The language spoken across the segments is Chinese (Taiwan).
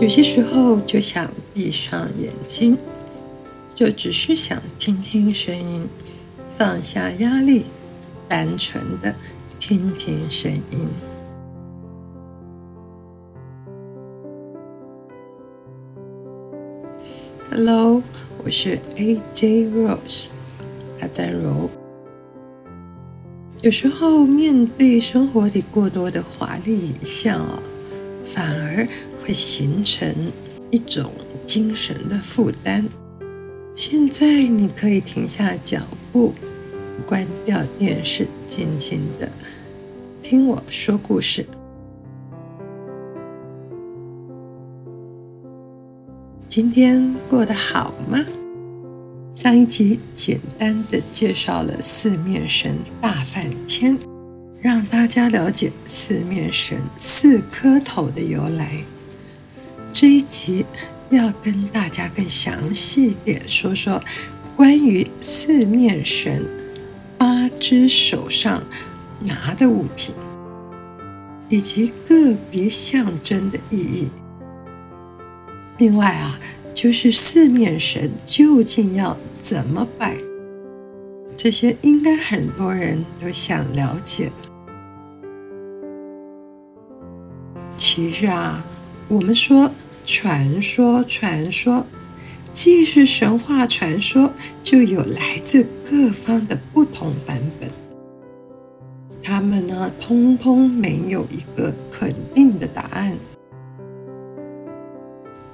有些時候就想閉上眼睛，就只是想聽聽聲音，放下壓力，單純的聽聽聲音。Hello，我是 AJ Rose 她在柔。有時候面對生活裡過多的華麗影像啊，反而。形成一種精神的負擔。現在你可以停下腳步，關掉電視，靜靜的聽我說故事。今天過得好嗎？上一集簡單的介紹了四面神大梵天，讓大家了解四面神四顆頭的由來。這一集要跟大家更詳細點說說關於四面神八隻手上拿的物品以及個別象徵的意義。另外啊，就是四面神究竟要怎麼拜，這些應該很多人都想了解。其實啊。我們說傳說，傳說既是神話傳說，就有來自各方的不同版本。他們呢，通通沒有一個肯定的答案。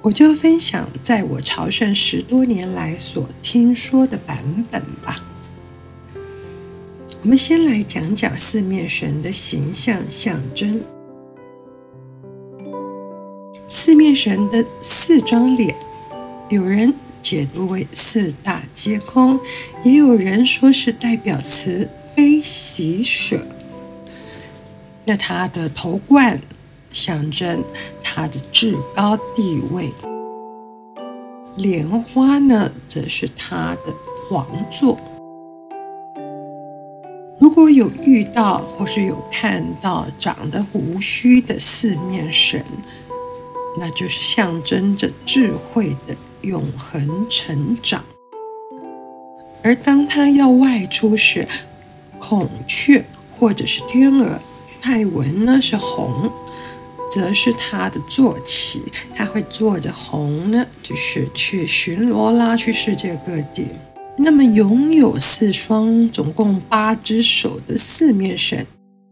我就分享在我朝聖十多年來所聽說的版本吧。我們先來講講四面神的形象象徵。四面神的四張臉，有人解讀為四大皆空，也有人說是代表慈、悲、喜、捨。那他的頭冠象徵他的至高地位，蓮花呢，則是他的皇座。如果有遇到或是有看到長得鬍鬚的四面神，那就是象徵着智慧的永恆成長。而當他要外出時，孔雀或者是天鵝，泰文呢是紅，則是他的坐騎。他會坐着紅呢，就是去巡邏啦，去世界各地。那麼擁有四雙，總共八隻手的四面神，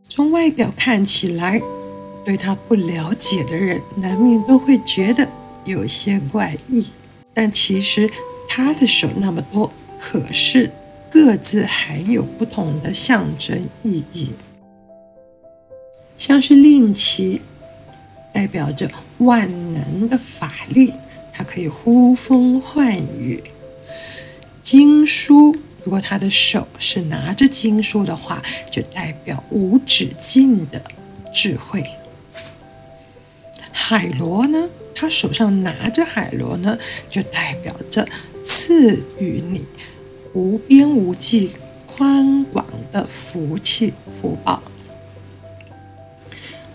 從外表看起來。對他不了解的人，難免都會覺得有些怪異。但其實，他的手那麼多，可是各自還有不同的象徵意義。像是令旗，代表着萬能的法力，它可以呼風喚雨；經書，如果他的手是拿着經書的話，就代表無止境的智慧。海螺呢，他手上拿着海螺呢，就代表着賜予你無邊無際、寬廣的福氣福報。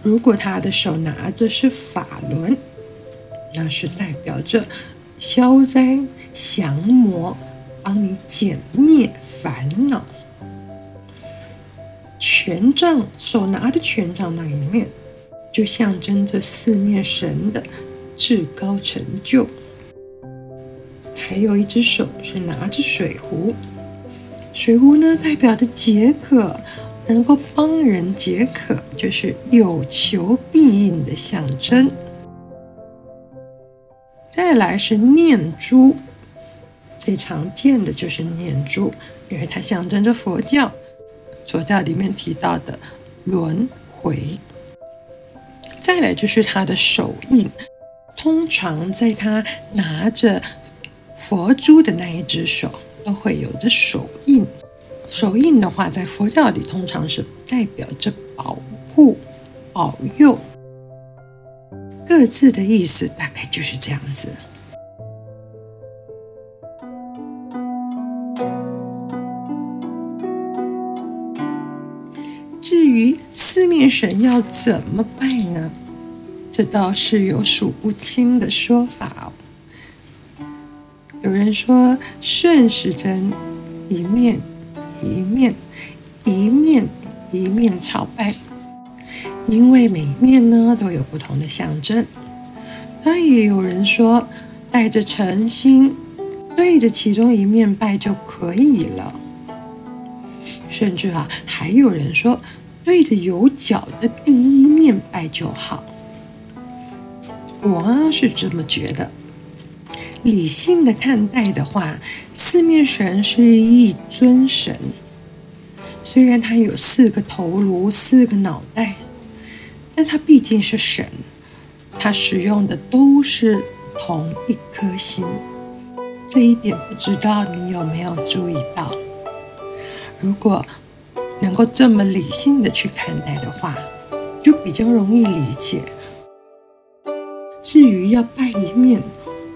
如果他的手拿着是法輪，那是代表着消災降魔，幫你減滅煩惱。權杖，手拿着權杖那一面，就象徵着四面神的至高成就。還有一只手是拿着水壺，水壺呢代表着解渴，能夠幫人解渴，就是有求必應的象徵。再來是念珠，最常見的就是念珠，因為它象徵着佛教，佛教裡面提到的輪回。再來就是他的手印，通常在他拿着佛珠的那一只手都會有著手印。手印的話，在佛教裡通常是代表着保護、保佑。各自的意思大概就是這樣子。至於四面神要怎麼拜呢？這倒是有數不清的說法哦。有人說，順時針一面一面一面一面朝拜，因為每一面呢都有不同的象徵。但也有人說，帶着誠心對着其中一面拜就可以了。甚至啊，還有人說，對着有角的第一面拜就好。我是這麼覺得，理性的看待的話，四面神是一尊神，雖然他有四個頭顱、四個腦袋，但他畢竟是神，他使用的都是同一顆心，這一點不知道你有沒有注意到。如果能夠這麼理性的去看待的話，就比較容易理解。至於要拜一面，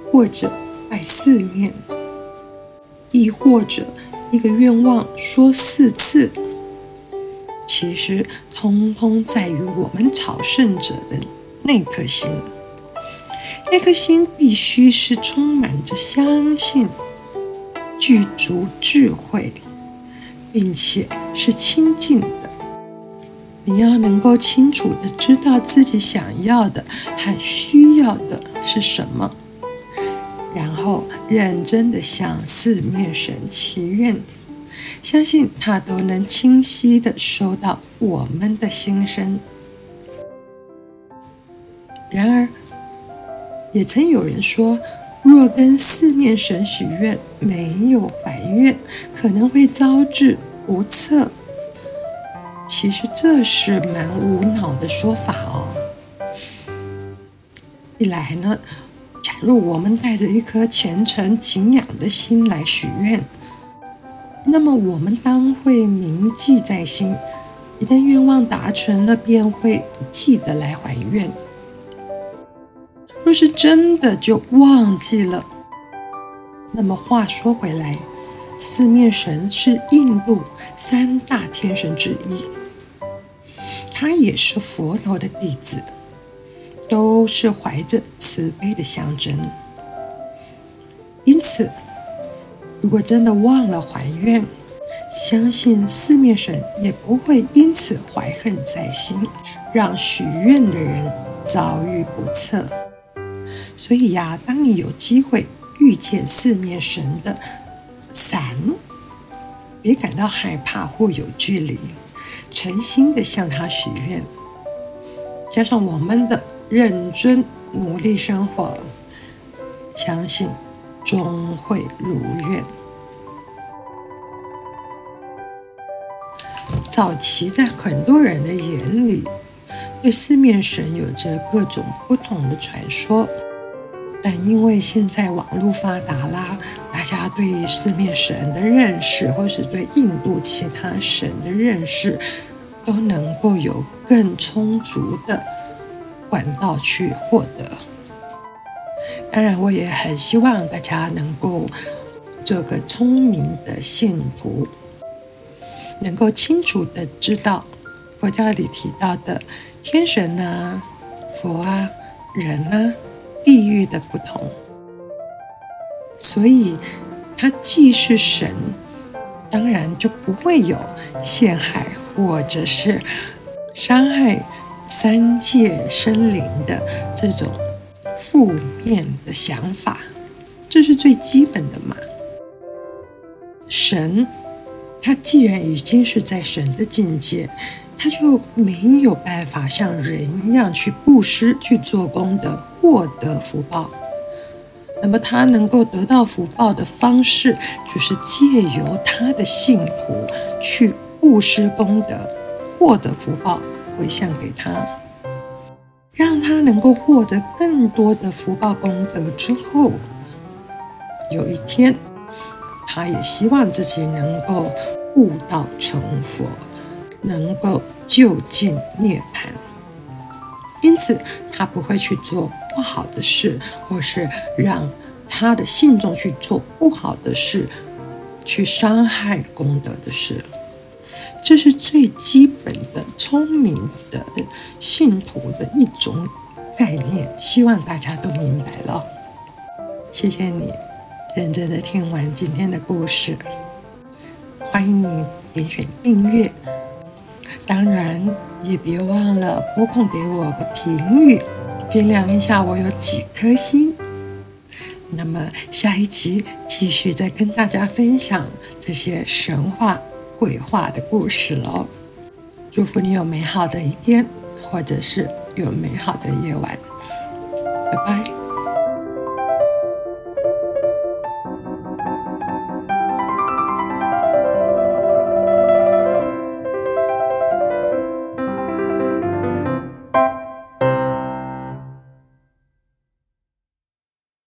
或者拜四面，亦或者一個願望說四次，其實通通在於我們朝聖者的那顆心，那顆心必須是充滿着相信、具足智慧，並且是清淨的。你要能夠清楚的知道自己想要的和需要的是什麼，然後認真的向四面神祈願，相信他都能清晰的收到我們的心聲。然而，也曾有人說，若跟四面神許願沒有還願，可能會遭致不測。其實這是蠻無腦的說法哦。一來呢，假如我們帶着一顆虔誠敬仰的心來許願，那麼我們當會銘記在心；一旦願望達成了，便會記得來還願。若是真的就忘記了，那麼話說回來，四面神是印度三大天神之一。他也是佛陀的弟子，都是懷着慈悲的象徵。因此，如果真的忘了還願，相信四面神也不會因此懷恨在心，讓許願的人遭遇不測。所以呀、啊，當你有機會遇見四面神的傘，別感到害怕或有距離。誠心的向他許願，加上我們的認真努力生活，相信終會如願。早期在很多人的眼裡，對四面神有着各種不同的傳說，但因為現在網絡發達啦。大家對四面神的認識，或是對印度其他神的認識，都能夠有更充足的管道去獲得。當然，我也很希望大家能夠做個聰明的信徒，能夠清楚地知道佛教裡提到的天神呢、啊、佛啊、人呢、啊、地獄的不同。所以，他既是神，當然就不會有陷害，或者是傷害三界生靈的這種負面的想法，這是最基本的嘛。神，他既然已經是在神的境界，他就沒有辦法像人一樣去布施、去做功德、獲得福報。那麼他能夠得到福報的方式，就是借由他的信徒去布施功德，獲得福報回向給他，讓他能夠獲得更多的福報功德之後，有一天，他也希望自己能夠悟道成佛，能夠究竟涅槃。因此，他不會去做不好的事，或是讓他的信眾去做不好的事，去傷害功德的事。這是最基本的、聰明的、信徒的一種概念。希望大家都明白了。謝謝你認真的聽完今天的故事。歡迎你點選訂閱。當然，也別忘了撥空給我個評語，掂量一下我有幾顆星。那麼下一集繼續再跟大家分享這些神話鬼話的故事嘍。祝福你有美好的一天，或者是有美好的夜晚。拜拜。